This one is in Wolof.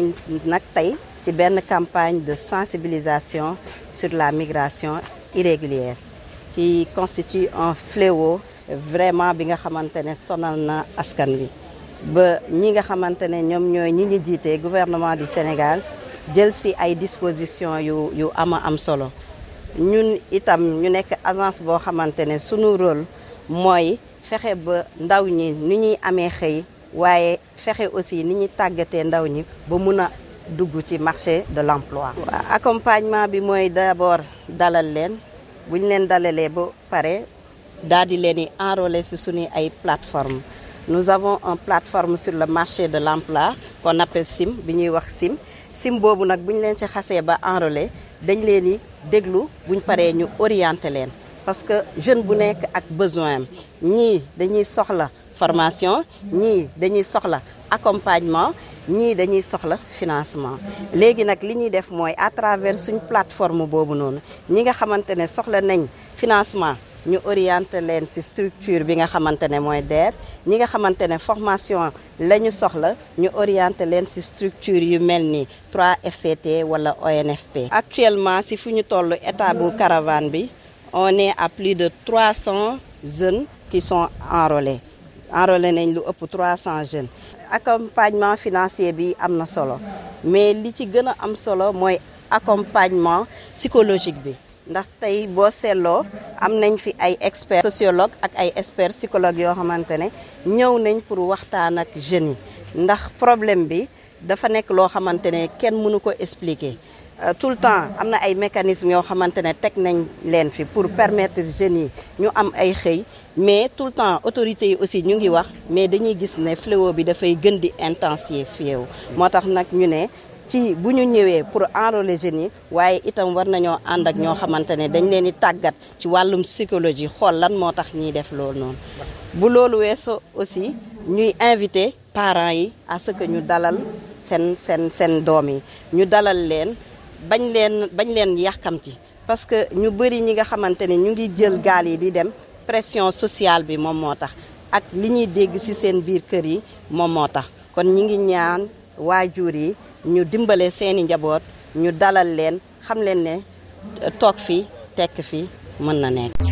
nañ nag une campagne de sensibilisation sur la migration irrégulière qui constitue un fléau vraiment bi nga xamante ne sonal na askan wi ba ñi nga xamante ñom ñoy ñi ñi gouvernement du Sénégal jël si ay dispositions yu yu ama am solo ñun itam ñu nekk agence bo maintenir ne rôle moy fexé ba ndaw ñi ni ñi waaye fexe aussi ni ñuy tàggatee ndaw ñi ba mun a dugg ci marché de l'emploi. accompagnement bi mooy d'abord dalal leen buñ ñu leen dalalee ba pare daal di leen enrôler si suñuy ay plateforme nous avons une plateforme sur le marché de l'emploi qu'on appelle SIM bi ñuy wax SIM SIM boobu nag buñ ñu leen ci xasee ba enrôler dañ leen di déglu bu ñu paree ñu orienter leen parce que jeune bu nekk ak besoin am ñii dañuy soxla formation ni dañuy soxla accompagnement ni dañuy soxla financement Légui nak li ñuy def moy à travers suñ plateforme bobu non, ñi nga xamantene soxla nañ financement ñu orienter leen ci structure bi nga xamantene moy DER ñi nga xamantene formation lañu soxla ñu orienter leen ci structure yu melni 3FPT wala ONFP. actuellement si fuñu tollu état bu caravane bi on est à plus de 300 jeunes qui sont enrôlés enrôlé nañ lu ëpp 300 jeunes. accompagnement financier bi am solo mais li ci gën a am solo accompagnement psychologique bi ndax tey boo seetloo am nañ fi ay experts sociologue ak ay experts psychologues yoo xamante ne ñëw nañ pour waxtaan ak jeunes yi ndax problème bi. dafa nekk loo xamante ne kenn mënu ko expliquer euh, tout le temps am na ay mécanismes yoo xamante ne teg nañ leen fi pour permettre jeunes yi ñu am ay xëy mais tout le temps autorités yi aussi ñu ngi wax mais dañuy gis ne fléau bi dafay gën di intensifié wu moo tax nag ñu ne ci bu ñu ñëwee pour enrôler jeunes yi waaye itam war nañoo ànd ak ñoo xamante ne dañ leen di tàggat ci wàllum psychologie xool lan moo tax ñuy def loolu noonu bu loolu weesoo aussi ñuy invité parents yi à ce ñu dalal seen seen seen doom yi ñu dalal leen bañ leen bañ leen yàkkamti parce que ñu bëri ñi nga xamante ne ñu ngi jël gaal yi di dem pression sociale bi moom moo tax ak li ñuy dégg ci seen biir kër yi moom moo tax kon ñi ngi ñaan waajur yi ñu dimbale seeni njaboot ñu dalal leen xam leen ne toog fi tekk fi mën na nekk